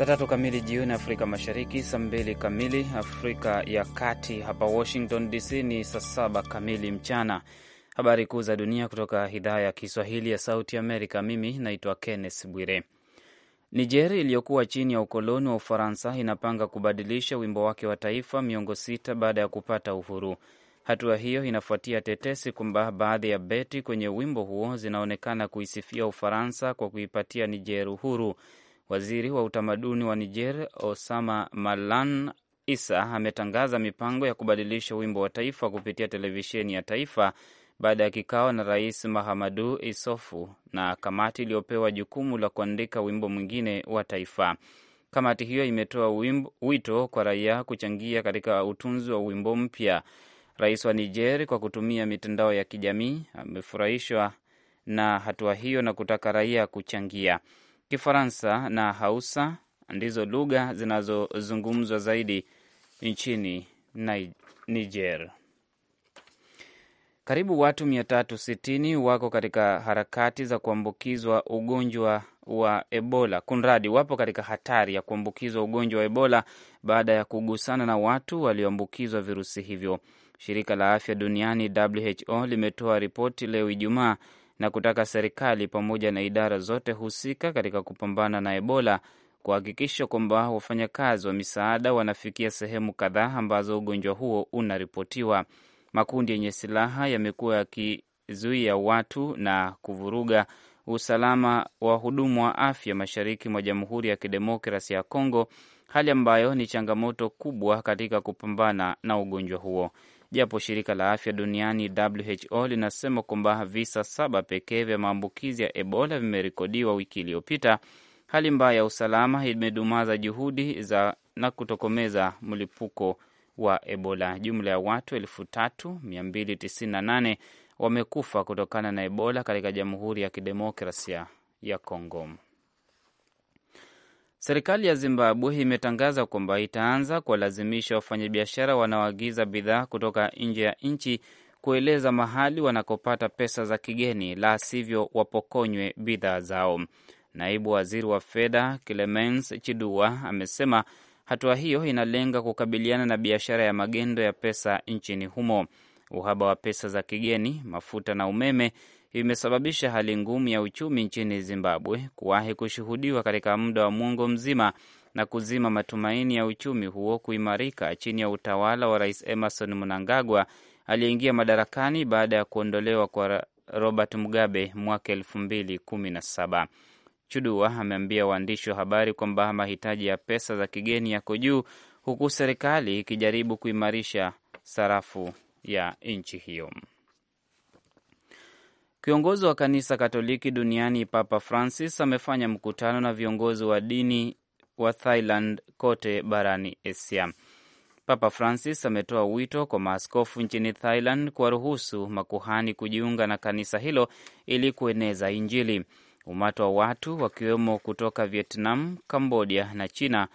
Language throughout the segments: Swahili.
saa tatu kamili jioni Afrika Mashariki, saa mbili kamili Afrika ya Kati. Hapa Washington DC ni saa saba kamili mchana. Habari kuu za dunia kutoka idhaa ya Kiswahili ya Sauti Amerika. Mimi naitwa Kenneth Bwire. Niger iliyokuwa chini ya ukoloni wa Ufaransa inapanga kubadilisha wimbo wake wa taifa miongo sita baada ya kupata uhuru. Hatua hiyo inafuatia tetesi kwamba baadhi ya beti kwenye wimbo huo zinaonekana kuisifia Ufaransa kwa kuipatia Niger uhuru. Waziri wa utamaduni wa Niger, Osama Malan Isa, ametangaza mipango ya kubadilisha wimbo wa taifa kupitia televisheni ya taifa baada ya kikao na Rais Mahamadu Isofu na kamati iliyopewa jukumu la kuandika wimbo mwingine wa taifa. Kamati hiyo imetoa wito kwa raia kuchangia katika utunzi wa wimbo mpya. Rais wa Niger kwa kutumia mitandao ya kijamii amefurahishwa na hatua hiyo na kutaka raia kuchangia. Kifaransa na Hausa ndizo lugha zinazozungumzwa zaidi nchini Niger. Karibu watu 360 wako katika harakati za kuambukizwa ugonjwa wa Ebola. Kunradi, wapo katika hatari ya kuambukizwa ugonjwa wa Ebola baada ya kugusana na watu walioambukizwa virusi hivyo. Shirika la Afya Duniani, WHO, limetoa ripoti leo Ijumaa na kutaka serikali pamoja na idara zote husika katika kupambana na Ebola kuhakikisha kwamba wafanyakazi wa misaada wanafikia sehemu kadhaa ambazo ugonjwa huo unaripotiwa. Makundi yenye silaha yamekuwa yakizuia watu na kuvuruga usalama wa hudumu wa afya mashariki mwa Jamhuri ya Kidemokrasi ya Kongo hali ambayo ni changamoto kubwa katika kupambana na ugonjwa huo, japo shirika la afya duniani WHO linasema kwamba visa saba pekee vya maambukizi ya Ebola vimerekodiwa wiki iliyopita. Hali mbaya ya usalama imedumaza juhudi za na kutokomeza mlipuko wa Ebola. Jumla ya watu 3298 wamekufa kutokana na Ebola katika Jamhuri ya Kidemokrasia ya Kongo. Serikali ya Zimbabwe imetangaza kwamba itaanza kuwalazimisha wafanyabiashara wanaoagiza bidhaa kutoka nje ya nchi kueleza mahali wanakopata pesa za kigeni, la sivyo wapokonywe bidhaa zao. Naibu waziri wa fedha Clemens Chidua amesema hatua hiyo inalenga kukabiliana na biashara ya magendo ya pesa nchini humo. Uhaba wa pesa za kigeni, mafuta na umeme imesababisha hali ngumu ya uchumi nchini Zimbabwe kuwahi kushuhudiwa katika muda wa mwongo mzima na kuzima matumaini ya uchumi huo kuimarika chini ya utawala wa Rais Emerson Mnangagwa aliyeingia madarakani baada ya kuondolewa kwa Robert Mugabe mwaka elfu mbili kumi na saba. Chudua ameambia waandishi wa habari kwamba mahitaji ya pesa za kigeni yako juu huku serikali ikijaribu kuimarisha sarafu ya nchi hiyo. Kiongozi wa kanisa Katoliki duniani Papa Francis amefanya mkutano na viongozi wa dini wa Thailand kote barani Asia. Papa Francis ametoa wito kwa maaskofu nchini Thailand kuwaruhusu makuhani kujiunga na kanisa hilo ili kueneza Injili. Umati wa watu wakiwemo kutoka Vietnam, Kambodia na China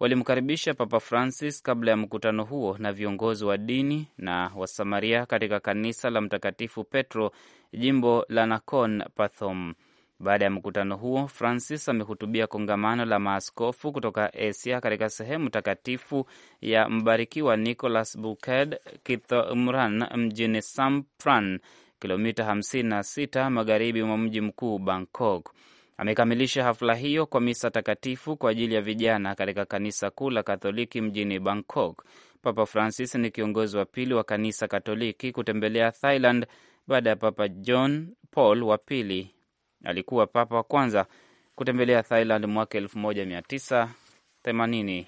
walimkaribisha Papa Francis kabla ya mkutano huo na viongozi wa dini na Wasamaria katika kanisa la Mtakatifu Petro jimbo la Nakhon Pathom. Baada ya mkutano huo, Francis amehutubia kongamano la maaskofu kutoka Asia katika sehemu takatifu ya mbarikiwa Nicolas Buked Kithomran mjini Sampran, kilomita 56 magharibi mwa mji mkuu Bangkok. Amekamilisha hafla hiyo kwa misa takatifu kwa ajili ya vijana katika kanisa kuu la katholiki mjini Bangkok. Papa Francis ni kiongozi wa pili wa kanisa Katoliki kutembelea Thailand baada ya Papa John Paul wa pili alikuwa papa wa kwanza kutembelea Thailand mwaka 1984.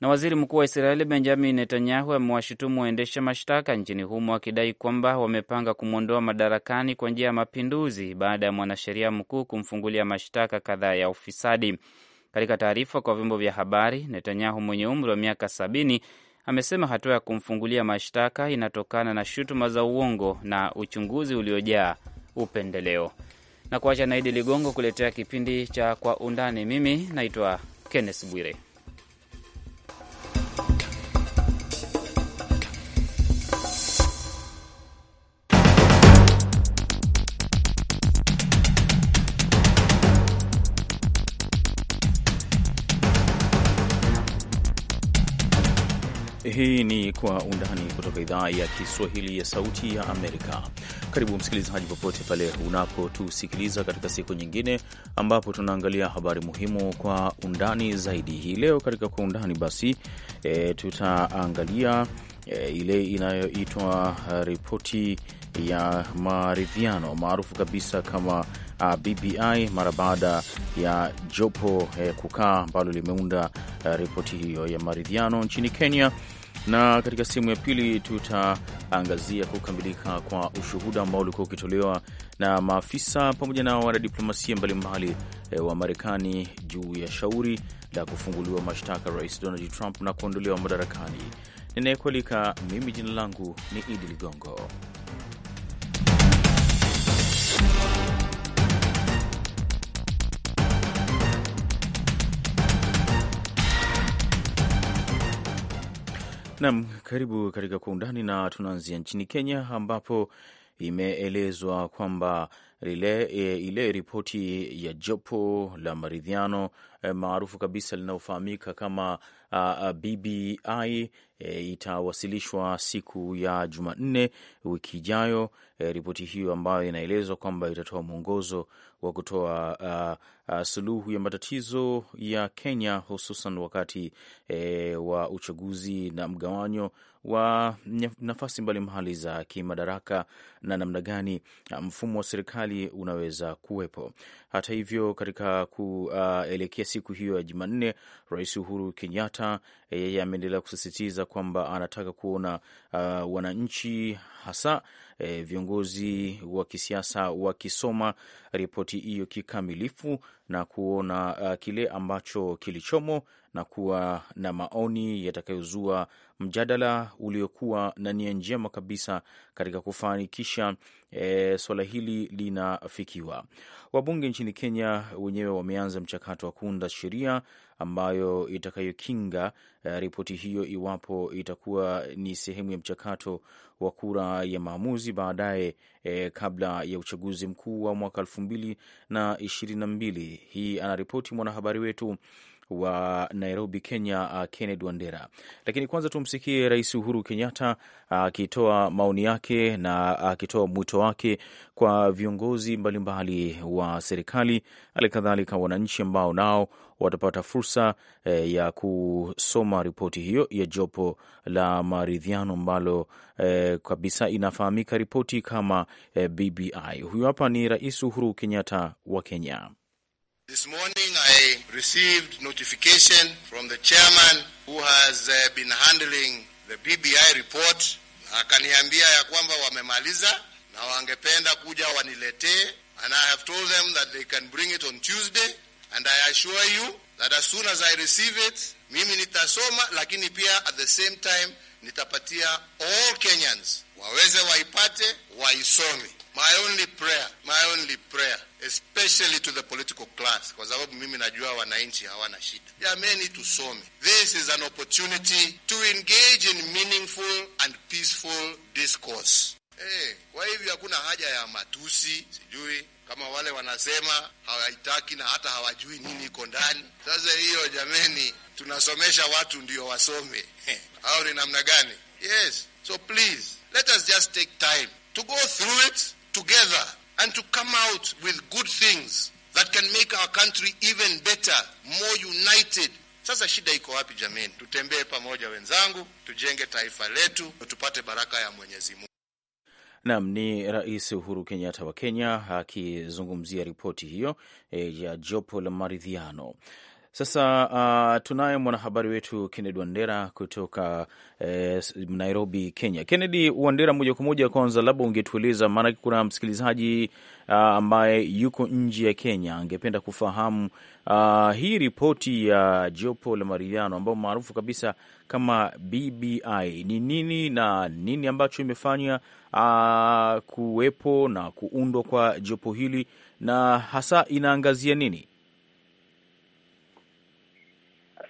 Na waziri mkuu wa Israeli Benjamin Netanyahu amewashutumu waendesha mashtaka nchini humo akidai kwamba wamepanga kumwondoa madarakani kwa njia ya mapinduzi baada ya mwanasheria mkuu kumfungulia mashtaka kadhaa ya ufisadi. Katika taarifa kwa vyombo vya habari, Netanyahu mwenye umri wa miaka sabini amesema hatua ya kumfungulia mashtaka inatokana na shutuma za uongo na uchunguzi uliojaa upendeleo. Na kuacha naidi Ligongo kuletea kipindi cha Kwa Undani. Mimi naitwa Kenneth Bwire. Hii ni Kwa Undani kutoka idhaa ya Kiswahili ya Sauti ya Amerika. Karibu msikilizaji, popote pale unapotusikiliza katika siku nyingine ambapo tunaangalia habari muhimu kwa undani zaidi. Hii leo katika Kwa Undani basi e, tutaangalia e, ile inayoitwa eh, ripoti ya maridhiano maarufu kabisa kama uh, BBI mara baada ya jopo eh, kukaa ambalo limeunda uh, ripoti hiyo ya maridhiano nchini Kenya na katika sehemu ya pili tutaangazia kukamilika kwa ushuhuda ambao ulikuwa ukitolewa na maafisa pamoja na wanadiplomasia mbalimbali e, wa Marekani juu ya shauri la kufunguliwa mashtaka Rais Donald Trump na kuondolewa madarakani. Ninayekualika mimi, jina langu ni Idi Ligongo. Nam, karibu katika Kwa Undani, na tunaanzia nchini Kenya ambapo imeelezwa kwamba ile, e, ile ripoti ya jopo la maridhiano e, maarufu kabisa linalofahamika kama uh, uh BBI e, itawasilishwa siku ya Jumanne wiki ijayo. E, ripoti hiyo ambayo inaelezwa kwamba itatoa mwongozo wa kutoa uh, uh, suluhu ya matatizo ya Kenya hususan wakati e, wa uchaguzi na mgawanyo wa nafasi mbalimbali za kimadaraka na namna gani uh, mfumo wa serikali unaweza kuwepo. Hata hivyo, katika kuelekea uh, siku hiyo ya Jumanne, Rais Uhuru Kenyatta Kenyatta eh, yeye ameendelea kusisitiza kwamba anataka kuona uh, wananchi hasa e, viongozi wa kisiasa wakisoma ripoti hiyo kikamilifu na kuona uh, kile ambacho kilichomo na kuwa na maoni yatakayozua mjadala uliokuwa na nia njema kabisa katika kufanikisha e, swala hili linafikiwa. Wabunge nchini Kenya wenyewe wameanza mchakato wa kuunda sheria ambayo itakayokinga eh, ripoti hiyo iwapo itakuwa ni sehemu ya mchakato wa kura ya maamuzi baadaye, eh, kabla ya uchaguzi mkuu wa mwaka elfu mbili na ishirini na mbili. Hii anaripoti mwanahabari wetu wa Nairobi, Kenya, uh, Kenneth Wandera. Lakini kwanza tumsikie Rais Uhuru Kenyatta uh, akitoa uh, maoni yake na akitoa uh, mwito wake kwa viongozi mbalimbali wa serikali, hali kadhalika wananchi ambao nao watapata fursa eh, ya kusoma ripoti hiyo ya jopo la maridhiano ambalo eh, kabisa inafahamika ripoti kama eh, BBI. Huyu hapa ni Rais Uhuru Kenyatta wa Kenya. This morning I received notification from the chairman who has uh, been handling the BBI report. Akaniambia ya kwamba wamemaliza na wangependa kuja waniletee and I have told them that they can bring it on Tuesday and I assure you that as soon as I receive it mimi nitasoma, lakini pia at the same time nitapatia all Kenyans waweze waipate, waisome. My only prayer, my only prayer especially to the political class, kwa sababu mimi najua wananchi hawana shida. Jameni, tusome. This is an opportunity to engage in meaningful and peaceful discourse. Hey, eh, kwa hivyo hakuna haja ya matusi, sijui kama wale wanasema hawaitaki na hata hawajui nini iko ndani. Sasa hiyo jameni tunasomesha watu ndio wasome au ni namna gani? Yes, so please let us just take time to go through it together and to come out with good things that can make our country even better, more united. Sasa shida iko wapi jamini Tutembee pamoja wenzangu, tujenge taifa letu, tupate baraka ya Mwenyezi Mungu. Nam ni Rais Uhuru Kenyatta wa Kenya akizungumzia ripoti hiyo e, ya jopo la maridhiano. Sasa uh, tunaye mwanahabari wetu Kennedy Wandera kutoka eh, Nairobi, Kenya. Kennedy Wandera, moja kwa moja, kwanza labda ungetueleza, maanake kuna msikilizaji uh, ambaye yuko nje ya Kenya angependa kufahamu uh, hii ripoti ya uh, jopo la maridhiano ambayo maarufu kabisa kama BBI ni nini na nini ambacho imefanywa uh, kuwepo na kuundwa kwa jopo hili na hasa inaangazia nini?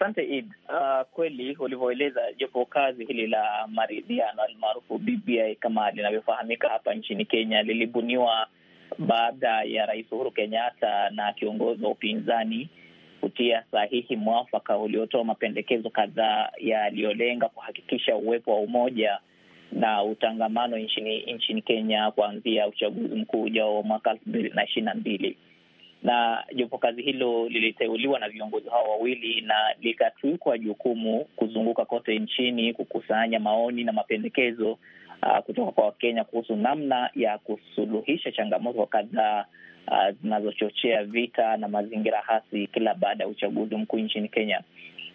Asante Id. Uh, ah, kweli ulivyoeleza, jopo kazi hili la maridhiano almaarufu BBI kama linavyofahamika hapa nchini Kenya lilibuniwa baada ya Rais Uhuru Kenyatta na kiongozi wa upinzani kutia sahihi mwafaka uliotoa mapendekezo kadhaa yaliyolenga kuhakikisha uwepo wa umoja na utangamano nchini nchini Kenya kuanzia uchaguzi mkuu ujao wa mwaka elfu mbili na ishirini na mbili na jopo kazi hilo liliteuliwa na viongozi hao wawili na likatwikwa jukumu kuzunguka kote nchini kukusanya maoni na mapendekezo uh, kutoka kwa Wakenya kuhusu namna ya kusuluhisha changamoto kadhaa ah, zinazochochea uh, vita na mazingira hasi kila baada ya uchaguzi mkuu nchini Kenya.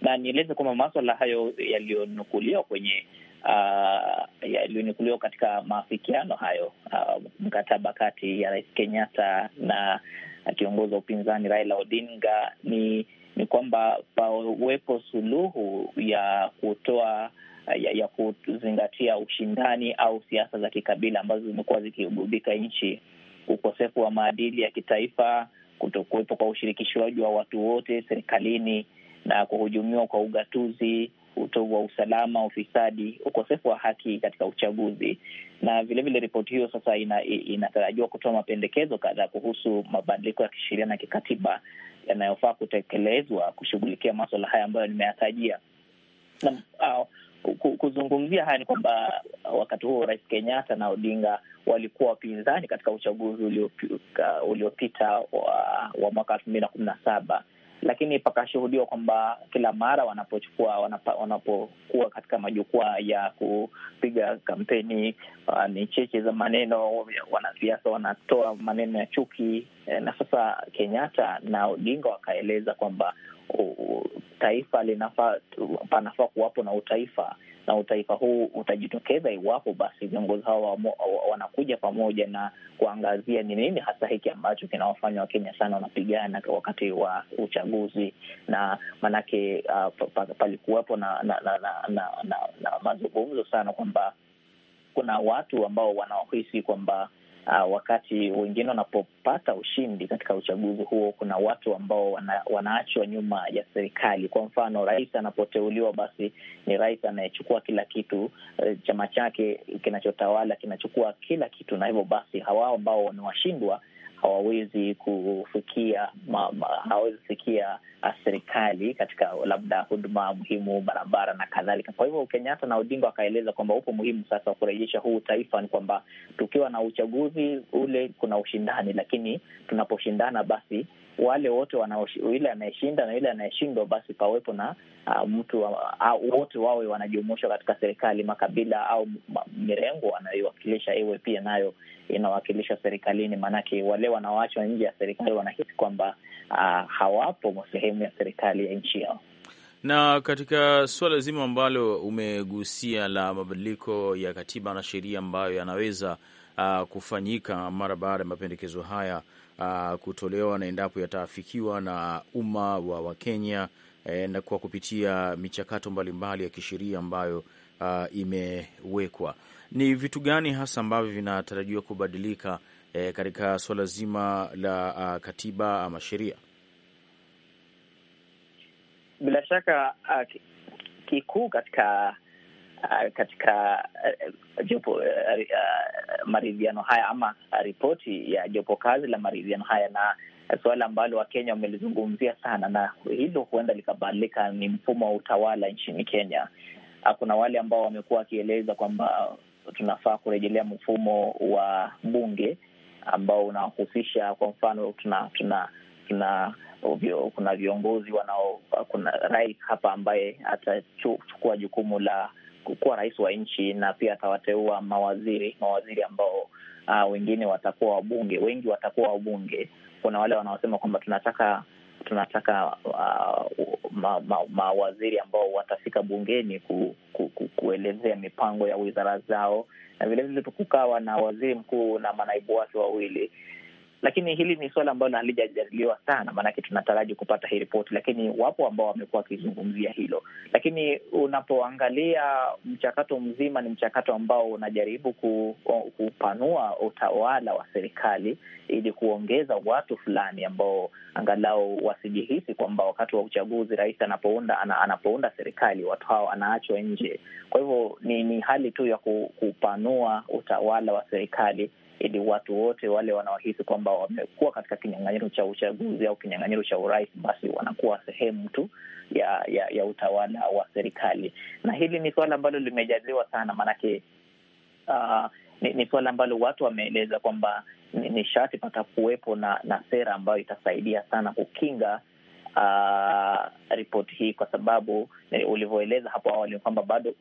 Na nieleze kwamba maswala hayo yaliyonukuliwa kwenye uh, yaliyonukuliwa katika maafikiano hayo, uh, mkataba kati ya Rais Kenyatta na na kiongozi wa upinzani Raila Odinga ni ni kwamba pawepo suluhu ya kutoa ya, ya kuzingatia ushindani au siasa za kikabila ambazo zimekuwa zikigubika nchi, ukosefu wa maadili ya kitaifa, kutokuwepo kwa ushirikishwaji wa watu wote serikalini na kuhujumiwa kwa ugatuzi utovu wa usalama, ufisadi, ukosefu wa haki katika uchaguzi. Na vilevile ripoti hiyo sasa inatarajiwa ina kutoa mapendekezo kadhaa kuhusu mabadiliko ya kisheria na kikatiba yanayofaa kutekelezwa kushughulikia maswala haya ambayo nimeyatajia. Kuzungumzia haya ni kwamba wakati huo Rais Kenyatta na Odinga walikuwa wapinzani katika uchaguzi uliopita wa, wa mwaka elfu mbili na kumi na saba lakini pakashuhudiwa kwamba kila mara wanapochukua wanapokuwa wanapo katika majukwaa ya kupiga kampeni uh, ni cheche za maneno, wanasiasa wanatoa maneno ya chuki eh, na sasa Kenyatta na Odinga wakaeleza kwamba uh, taifa linafaa panafaa kuwapo na utaifa na utaifa huu utajitokeza iwapo basi viongozi hao wanakuja pamoja na kuangazia ni nini hasa hiki ambacho kinawafanya Wakenya sana wanapigana wakati wa uchaguzi, na maanake uh, ah, palikuwepo na, na, na, na, na, na, na mazungumzo sana kwamba kuna watu ambao wanaohisi kwamba uh, wakati wengine wanapopata ushindi katika uchaguzi huo, kuna watu ambao wana, wanaachwa nyuma ya serikali. Kwa mfano, rais anapoteuliwa, basi ni rais anayechukua kila kitu, uh, chama chake kinachotawala kinachukua kila kitu, na hivyo basi hawao ambao wamewashindwa hawawezi kufikia ma, ma, hawawezi kufikia ah, serikali katika labda huduma muhimu, barabara na kadhalika. Kwa hivyo Kenyatta na Odinga wakaeleza kwamba upo muhimu sasa wa kurejesha huu taifa ni kwamba tukiwa na uchaguzi ule kuna ushindani, lakini tunaposhindana basi wale wote yule anayeshinda na yule anayeshindwa, basi pawepo na uh, mtu uh, wote wawe wanajumuishwa katika serikali. Makabila au mirengo anayoiwakilisha iwe pia nayo inawakilishwa serikalini, maanake wale wanaoachwa nje ya serikali wanahisi kwamba uh, hawapo sehemu ya serikali ya nchi yao na katika suala zima ambalo umegusia la mabadiliko ya katiba na sheria ambayo yanaweza uh, kufanyika mara baada ya mapendekezo haya uh, kutolewa na endapo yataafikiwa na umma wa Wakenya eh, na kwa kupitia michakato mbalimbali ya kisheria ambayo uh, imewekwa. Ni vitu gani hasa ambavyo vinatarajiwa kubadilika eh, katika suala zima la uh, katiba ama sheria? Bila shaka uh, kikuu katika Uh, katika uh, jopo uh, uh, maridhiano haya ama uh, ripoti ya jopo kazi la maridhiano haya na suala ambalo Wakenya wamelizungumzia sana, na hilo huenda likabadilika ni mfumo wa utawala nchini Kenya. Uh, kuna wale ambao wamekuwa wakieleza kwamba tunafaa kurejelea mfumo wa bunge ambao unahusisha kwa mfano, tuna tuna tuna vyo, kuna viongozi wanao, kuna rais hapa ambaye atachukua jukumu la kuwa rais wa nchi na pia atawateua mawaziri, mawaziri ambao uh, wengine watakuwa wabunge, wengi watakuwa wabunge. Kuna wale wanaosema kwamba tunataka tunataka uh, ah, mawaziri ma, ma ambao watafika bungeni ku, ku, ku, kuelezea mipango ya wizara zao, na vilevile tukukawa na waziri mkuu na manaibu wake wawili lakini hili ni suala ambalo halijajadiliwa sana, maanake tunataraji kupata hii ripoti, lakini wapo ambao wamekuwa wakizungumzia hilo. Lakini unapoangalia mchakato mzima, ni mchakato ambao unajaribu kupanua utawala wa serikali ili kuongeza watu fulani ambao angalau wasijihisi kwamba wakati wa uchaguzi rais anapounda ana, anapounda serikali watu hao anaachwa nje. Kwa hivyo ni, ni hali tu ya kupanua utawala wa serikali ili watu wote wale wanaohisi kwamba wamekuwa katika kinyang'anyiro cha uchaguzi au kinyang'anyiro cha urais, basi wanakuwa sehemu tu ya, ya, ya utawala wa serikali. Na hili ni suala ambalo limejadiliwa sana, maanake uh, ah, ni, ni suala ambalo watu wameeleza kwamba ni, ni sharti pata kuwepo na, na sera ambayo itasaidia sana kukinga Uh, ripoti hii kwa sababu eh, ulivyoeleza hapo awali kwamba bado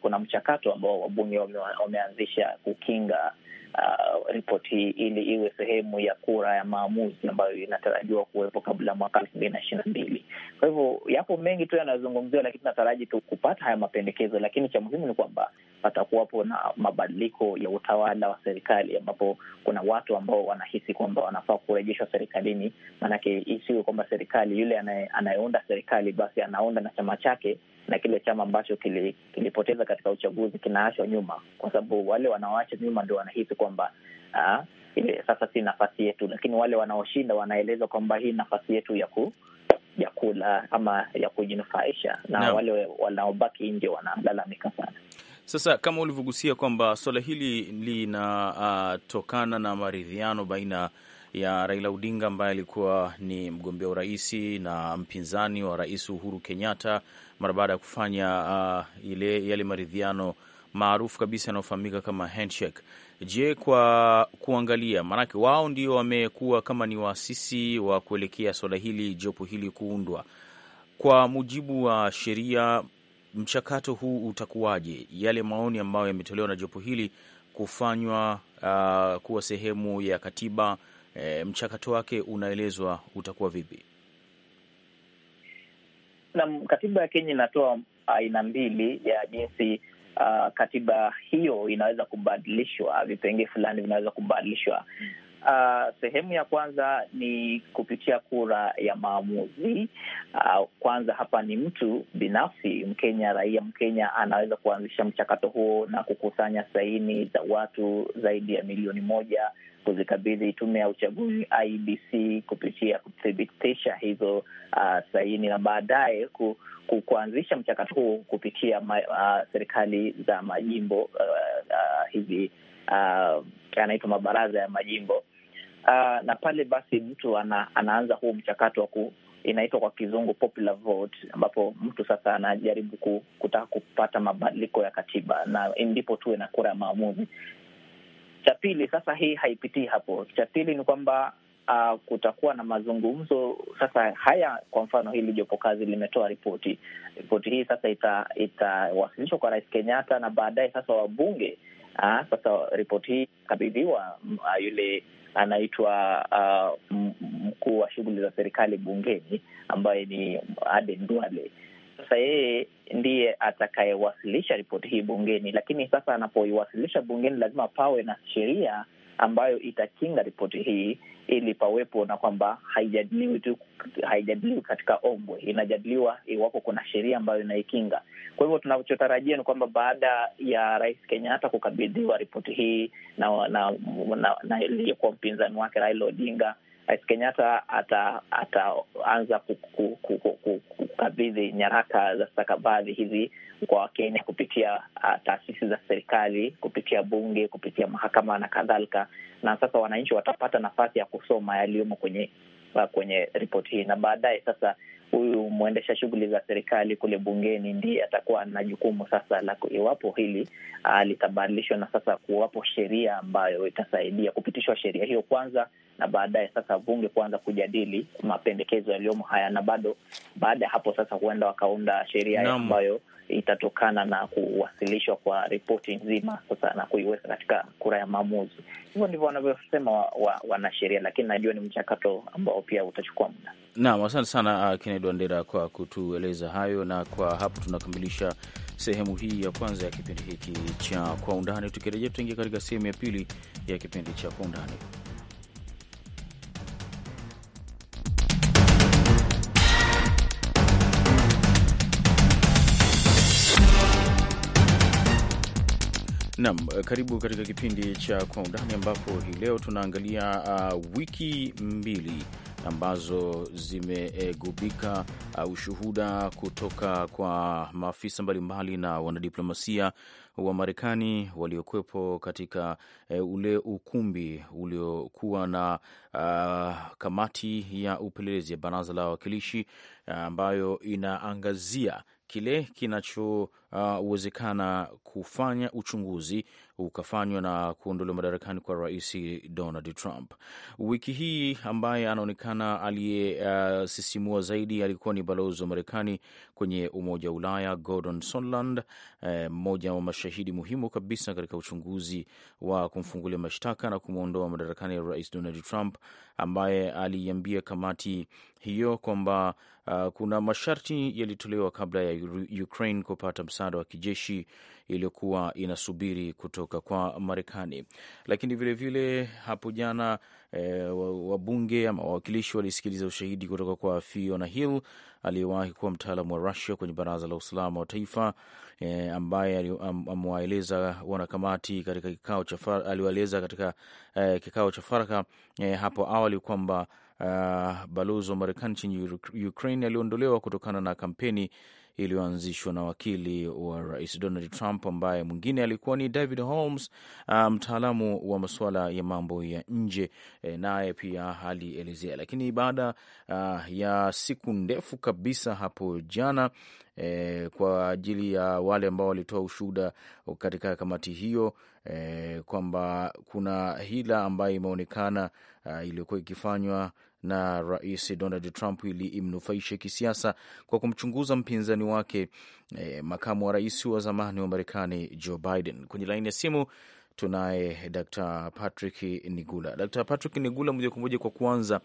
kuna mchakato ambao wabunge wameanzisha kukinga uh, ripoti hii ili iwe sehemu ya kura ya maamuzi ambayo inatarajiwa kuwepo kabla mwaka elfu mbili na ishirini na mbili. Kwa hivyo yapo mengi tu yanayozungumziwa, lakini nataraji tu kupata haya mapendekezo, lakini cha muhimu ni kwamba patakuwapo na mabadiliko ya utawala wa serikali, ambapo kuna watu ambao wanahisi kwamba wanafaa kurejeshwa serikalini. Maanake isiwe kwamba serikali yule anayeunda serikali basi anaunda na chama chake na kile chama ambacho kilipoteza katika uchaguzi kinaachwa nyuma, kwa sababu wale wanaoacha nyuma ndio wanahisi kwamba sasa si nafasi yetu, lakini wale wanaoshinda wanaeleza kwamba hii nafasi yetu ya ku ya kula ama ya kujinufaisha na no. Wale wanaobaki nje wanalalamika sana. Sasa kama ulivyogusia kwamba suala hili linatokana uh, na maridhiano baina ya Raila Odinga ambaye alikuwa ni mgombea urais na mpinzani wa Rais Uhuru Kenyatta mara baada ya kufanya uh, ile yale maridhiano maarufu kabisa yanayofahamika kama handshake. Je, kwa kuangalia, maanake wao ndio wamekuwa kama ni waasisi wa kuelekea swala hili, jopo hili kuundwa, kwa mujibu wa sheria, mchakato huu utakuwaje? Yale maoni ambayo yametolewa na jopo hili kufanywa uh, kuwa sehemu ya katiba, e, mchakato wake unaelezwa utakuwa vipi? na katiba ya Kenya inatoa aina mbili ya jinsi uh, katiba hiyo inaweza kubadilishwa, vipengee fulani vinaweza kubadilishwa. Uh, sehemu ya kwanza ni kupitia kura ya maamuzi. Uh, kwanza hapa ni mtu binafsi Mkenya, raia Mkenya anaweza kuanzisha mchakato huo na kukusanya saini za watu zaidi ya milioni moja kuzikabidhi tume ya uchaguzi IBC kupitia kuthibitisha hizo uh, saini na baadaye ku, ku, kuanzisha mchakato huu kupitia ma, uh, serikali za majimbo uh, uh, hivi uh, anaitwa mabaraza ya majimbo uh, na pale basi mtu ana, anaanza huu mchakato wa ku inaitwa kwa kizungu popular vote, ambapo mtu sasa anajaribu kutaka kupata mabadiliko ya katiba, na ndipo tuwe na kura ya maamuzi. Cha pili sasa, hii haipitii hapo. Cha pili ni kwamba uh, kutakuwa na mazungumzo sasa haya. Kwa mfano, hili jopo kazi limetoa ripoti. Ripoti hii sasa itawasilishwa ita kwa Rais Kenyatta na baadaye sasa wabunge uh, sasa ripoti hii kabidhiwa mm, ah, yule anaitwa uh, mkuu wa shughuli za serikali bungeni ambaye ni Aden Duale. Sasa yeye ndiye atakayewasilisha ripoti hii bungeni, lakini sasa anapoiwasilisha bungeni lazima pawe na sheria ambayo itakinga ripoti hii ili pawepo na kwamba haijadiliwi tu, haijadiliwi katika ombwe, inajadiliwa iwapo kuna sheria ambayo inaikinga. Kwa hivyo tunachotarajia ni kwamba baada ya Rais Kenyatta kukabidhiwa ripoti hii na na, na, aliyekuwa mpinzani wake Raila Odinga Rais Kenyatta ataanza kukabidhi nyaraka za stakabadhi hizi kwa Wakenya kupitia uh, taasisi za serikali, kupitia bunge, kupitia mahakama na kadhalika. Na sasa wananchi watapata nafasi ya kusoma yaliyomo kwenye uh, kwenye ripoti hii, na baadaye sasa huyu mwendesha shughuli za serikali kule bungeni ndiye atakuwa na jukumu sasa la iwapo hili ah, litabadilishwa, na sasa kuwapo sheria ambayo itasaidia kupitishwa sheria hiyo kwanza na baadaye sasa bunge kuanza kujadili mapendekezo yaliyomo haya, na bado baada ya hapo sasa huenda wakaunda sheria ambayo itatokana na kuwasilishwa kwa ripoti nzima sasa na kuiweka katika kura ya maamuzi. Hivyo ndivyo wanavyosema wanasheria wa, wa, lakini najua ni mchakato ambao pia utachukua muda. Naam, asante sana uh, Kennedy Wandera kwa kutueleza hayo, na kwa hapo tunakamilisha sehemu hii ya kwanza ya kipindi hiki cha Kwa Undani. Tukirejea tutaingia katika sehemu ya pili ya kipindi cha Kwa Undani. nam karibu katika kipindi cha Kwa Undani ambapo hii leo tunaangalia uh, wiki mbili ambazo zimegubika uh, ushuhuda kutoka kwa maafisa mbalimbali na wanadiplomasia wa Marekani waliokuwepo katika uh, ule ukumbi uliokuwa na uh, kamati ya upelelezi ya Baraza la Wawakilishi uh, ambayo inaangazia kile kinachowezekana uh, kufanya uchunguzi ukafanywa na kuondolewa madarakani kwa rais Donald Trump. Wiki hii ambaye anaonekana aliyesisimua uh, zaidi alikuwa ni balozi wa Marekani kwenye Umoja wa Ulaya Gordon Sondland, eh, mmoja uh, wa mashahidi muhimu kabisa katika uchunguzi wa kumfungulia mashtaka na kumwondoa madarakani ya rais Donald Trump, ambaye aliiambia kamati hiyo kwamba Uh, kuna masharti yalitolewa kabla ya Ukraine kupata msaada wa kijeshi iliyokuwa inasubiri kutoka kwa Marekani, lakini vilevile hapo jana E, wabunge ama wawakilishi walisikiliza ushahidi kutoka kwa Fiona Hill aliyewahi kuwa mtaalamu wa Rusia kwenye Baraza la Usalama wa Taifa e, ambaye amewaeleza wanakamati katika kikao cha aliwaeleza katika eh, kikao cha faraka e, hapo awali kwamba uh, balozi wa Marekani nchini Ukraine aliondolewa kutokana na kampeni iliyoanzishwa na wakili wa rais Donald Trump ambaye mwingine alikuwa ni David Holmes, uh, mtaalamu um, wa masuala ya mambo ya nje e, naye pia alielezea. Lakini baada uh, ya siku ndefu kabisa hapo jana e, kwa ajili ya wale ambao walitoa ushuhuda katika kamati hiyo e, kwamba kuna hila ambayo imeonekana uh, iliyokuwa ikifanywa na Rais Donald Trump ili imnufaishe kisiasa kwa kumchunguza mpinzani wake eh, makamu wa rais wa zamani wa Marekani Joe Biden. Kwenye laini ya simu tunaye Dr. Patrick Nigula. Dr. Patrick Nigula, moja kwa moja kwa kuanza,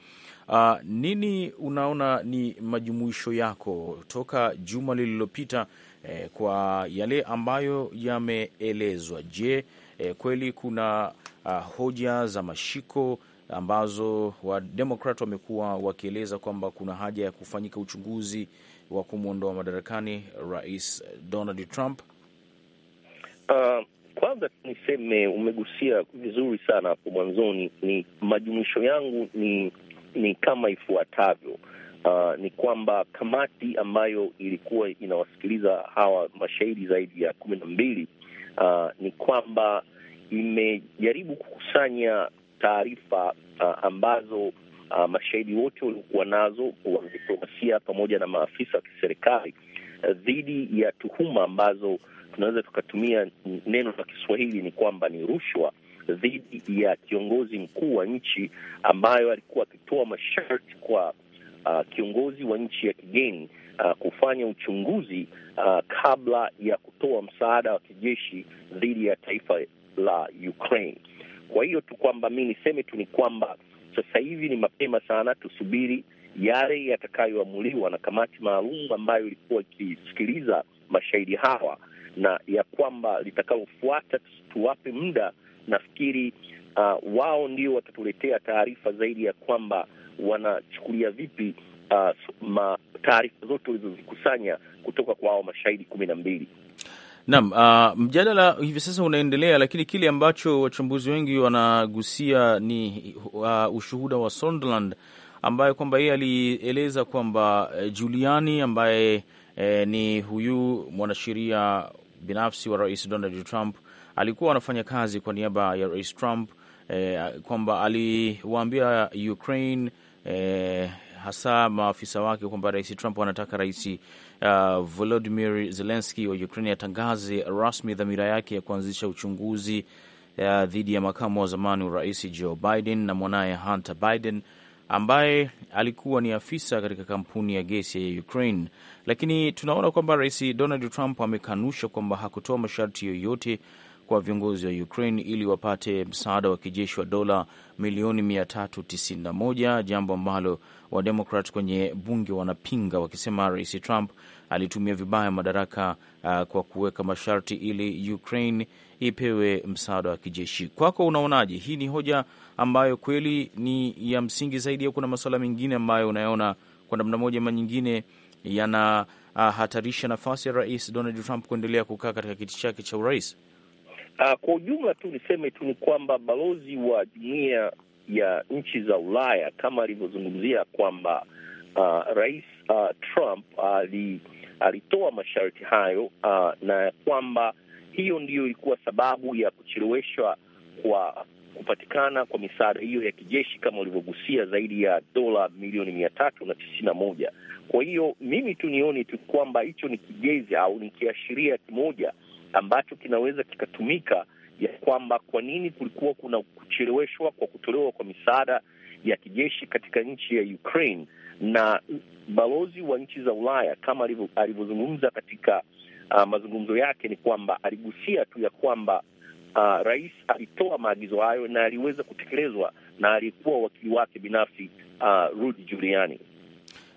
uh, nini unaona ni majumuisho yako toka juma lililopita eh, kwa yale ambayo yameelezwa? Je, eh, kweli kuna uh, hoja za mashiko ambazo Wademokrat wamekuwa wakieleza kwamba kuna haja ya kufanyika uchunguzi wa kumwondoa madarakani Rais Donald Trump? Uh, kwanza niseme umegusia vizuri sana hapo mwanzoni. Ni majumuisho yangu ni, ni kama ifuatavyo. Uh, ni kwamba kamati ambayo ilikuwa inawasikiliza hawa mashahidi zaidi ya kumi na mbili, uh, ni kwamba imejaribu kukusanya taarifa uh, ambazo uh, mashahidi wote waliokuwa nazo diplomasia pamoja na maafisa wa kiserikali eh, dhidi uh, ya tuhuma ambazo tunaweza tukatumia neno la Kiswahili ni kwamba ni rushwa dhidi ya kiongozi mkuu wa nchi ambayo alikuwa akitoa masharti kwa uh, kiongozi wa nchi ya kigeni uh, kufanya uchunguzi uh, kabla ya kutoa msaada wa kijeshi dhidi ya taifa la Ukraine. Kwa hiyo tu kwamba mi niseme tu ni kwamba sasa hivi ni mapema sana, tusubiri yale yatakayoamuliwa na kamati maalum ambayo ilikuwa ikisikiliza mashahidi hawa, na ya kwamba litakalofuata tuwape muda. Nafikiri uh, wao ndio watatuletea taarifa zaidi ya kwamba wanachukulia vipi uh, taarifa zote walizozikusanya kutoka kwa hao mashahidi kumi na mbili. Naam, uh, mjadala hivi sasa unaendelea, lakini kile ambacho wachambuzi wengi wanagusia ni uh, ushuhuda wa Sondland ambaye kwamba yeye alieleza kwamba eh, juliani ambaye eh, ni huyu mwanasheria binafsi wa Rais Donald Trump alikuwa anafanya kazi kwa niaba ya Rais Trump eh, kwamba aliwaambia Ukraine eh, hasa maafisa wake kwamba Rais Trump anataka rais uh, Volodimir Zelenski wa Ukraini atangaze rasmi dhamira yake ya kuanzisha uchunguzi uh, dhidi ya makamu wa zamani wa rais Joe Biden na mwanaye Hunter Biden ambaye alikuwa ni afisa katika kampuni ya gesi ya Ukraine. Lakini tunaona kwamba rais Donald Trump amekanusha kwamba hakutoa masharti yoyote kwa viongozi wa Ukraine ili wapate msaada wa kijeshi wa dola milioni 391, jambo ambalo Wademokrat kwenye bunge wanapinga wakisema rais Trump alitumia vibaya madaraka uh, kwa kuweka masharti ili Ukraine ipewe msaada wa kijeshi. Kwako unaonaje? Hii ni hoja ambayo kweli ni ya msingi zaidi, au kuna masuala mengine ambayo unayona kwa namna moja ama nyingine yanahatarisha uh, nafasi ya Rais Donald Trump kuendelea kukaa katika kiti chake cha urais? Uh, kwa ujumla tu niseme tu ni kwamba balozi wa jumuiya ya nchi za Ulaya kama alivyozungumzia kwamba uh, rais uh, Trump uh, ali, alitoa masharti hayo uh, na kwamba hiyo ndiyo ilikuwa sababu ya kucheleweshwa kwa kupatikana kwa misaada hiyo ya kijeshi kama ulivyogusia, zaidi ya dola milioni mia tatu na tisini na moja. Kwa hiyo mimi tu nione tu kwamba hicho ni kigezi au ni kiashiria kimoja ambacho kinaweza kikatumika ya kwamba kwa nini kulikuwa kuna kucheleweshwa kwa kutolewa kwa misaada ya kijeshi katika nchi ya Ukraine, na balozi wa nchi za Ulaya kama alivyozungumza katika uh, mazungumzo yake ni kwamba aligusia tu ya kwamba uh, rais alitoa maagizo hayo na aliweza kutekelezwa na aliyekuwa wakili wake binafsi uh, Rudy Giuliani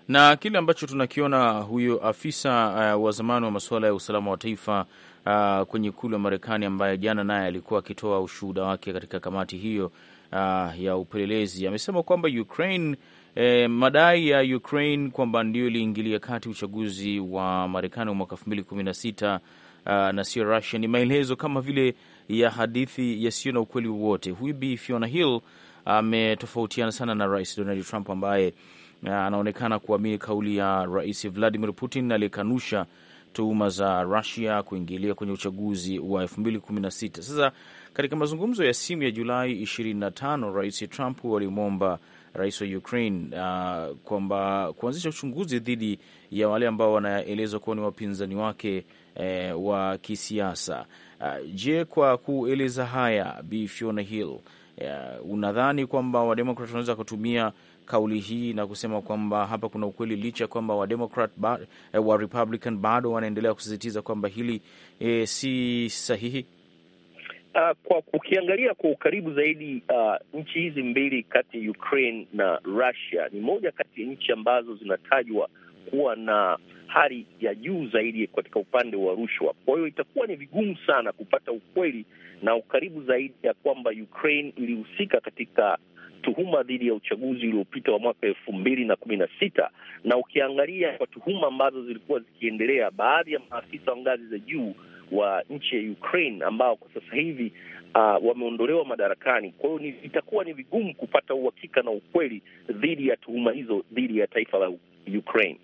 na kile ambacho tunakiona huyo afisa uh, wa zamani wa masuala ya usalama wa taifa uh, kwenye ikulu ya Marekani ambaye jana naye alikuwa akitoa ushuhuda wake katika kamati hiyo uh, ya upelelezi amesema kwamba Ukraine E, madai ya Ukraine kwamba ndio iliingilia kati uchaguzi wa Marekani wa mwaka kumi na ah, sio Russia ni maelezo kama vile ya hadithi yasiyo na ukweli wowote. Huyu Bi Fiona Hill ametofautiana sana na Rais Donald Trump ambaye ah, anaonekana kuamini kauli ya Rais Vladimir Putin aliyekanusha tuhuma za Russia kuingilia kwenye uchaguzi wa 2016. Sasa katika mazungumzo ya simu ya Julai 25, Rais Trump alimwomba rais wa Ukraine uh, kwamba kuanzisha uchunguzi dhidi ya wale ambao wanaelezwa kuwa ni wapinzani wake eh, wa kisiasa. Uh, je, kwa kueleza haya Bi Fiona Hill Uh, unadhani kwamba wademokrat wanaweza kutumia kauli hii na kusema kwamba hapa kuna ukweli, licha ya kwamba wademokrat ba, eh, wa Republican bado wanaendelea kusisitiza kwamba hili eh, si sahihi? uh, kwa ukiangalia kwa ukaribu zaidi uh, nchi hizi mbili kati ya Ukraine na Russia ni moja kati ya nchi ambazo zinatajwa kuwa na hali ya juu zaidi katika upande wa rushwa. Kwa hiyo itakuwa ni vigumu sana kupata ukweli na ukaribu zaidi ya kwamba Ukraine ilihusika katika tuhuma dhidi ya uchaguzi uliopita wa mwaka elfu mbili na kumi na sita. Na ukiangalia kwa tuhuma ambazo zilikuwa zikiendelea, baadhi ya maafisa wa ngazi za juu wa nchi ya Ukraine ambao kwa sasa hivi uh, wameondolewa madarakani. Kwa hiyo itakuwa ni vigumu kupata uhakika na ukweli dhidi ya tuhuma hizo dhidi ya taifa la Ukraine.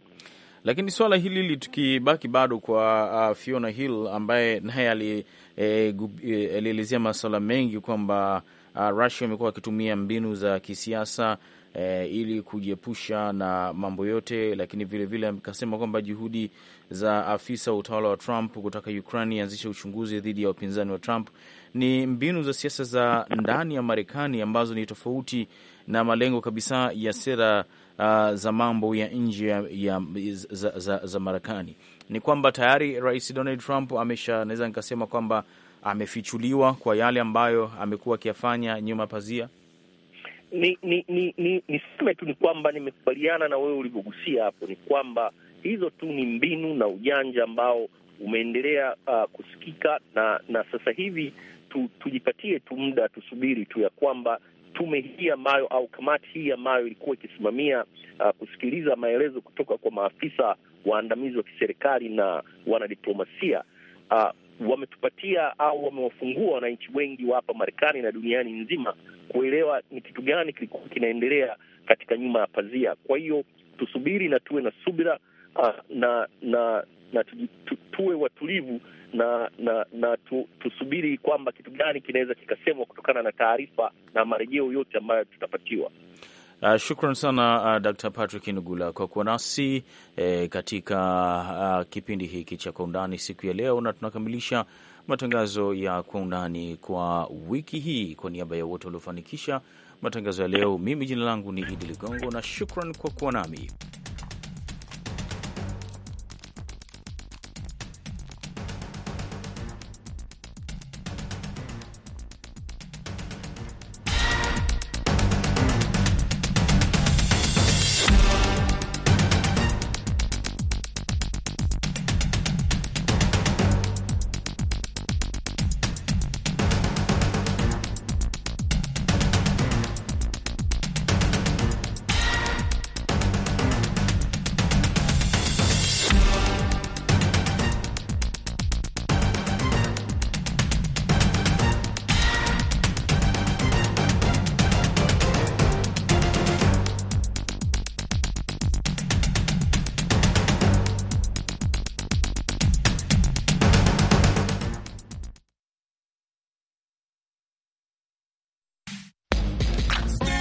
Lakini suala hili tukibaki bado kwa uh, Fiona Hill ambaye naye eh, eh, alielezea e, masuala mengi kwamba uh, Russia imekuwa wakitumia mbinu za kisiasa e, ili kujiepusha na mambo yote, lakini vilevile akasema kwamba juhudi za afisa wa utawala wa Trump kutaka Ukraine ianzishe uchunguzi dhidi ya upinzani wa Trump ni mbinu za siasa za ndani ya Marekani ambazo ni tofauti na malengo kabisa ya sera uh, za mambo ya nje ya, ya, za, za, za Marekani. Ni kwamba tayari Rais Donald Trump amesha, naweza nikasema kwamba amefichuliwa kwa yale ambayo amekuwa akiyafanya nyuma pazia ni ni ni ni niseme tu ni kwamba nimekubaliana na wewe ulivyogusia hapo, ni kwamba hizo tu ni mbinu na ujanja ambao umeendelea uh, kusikika na na sasa hivi tu, tujipatie tu muda tusubiri tu ya kwamba tume hii ambayo au kamati hii ambayo ilikuwa ikisimamia uh, kusikiliza maelezo kutoka kwa maafisa waandamizi wa kiserikali na wanadiplomasia uh, wametupatia au wamewafungua wananchi wengi wa hapa Marekani na duniani nzima kuelewa ni kitu gani kilikuwa kinaendelea katika nyuma ya pazia. Kwa hiyo tusubiri na tuwe na subira ah, na na na tu, tuwe watulivu na na na tu, tusubiri kwamba kitu gani kinaweza kikasemwa kutokana na taarifa na marejeo yote ambayo tutapatiwa. Uh, shukran sana uh, Dr. Patrick nugula kwa kuwa nasi eh, katika uh, kipindi hiki cha Kwa Undani siku ya leo, na tunakamilisha matangazo ya Kwa Undani kwa wiki hii. Kwa niaba ya wote waliofanikisha matangazo ya leo, mimi jina langu ni Idi Ligongo na shukran kwa kuwa nami.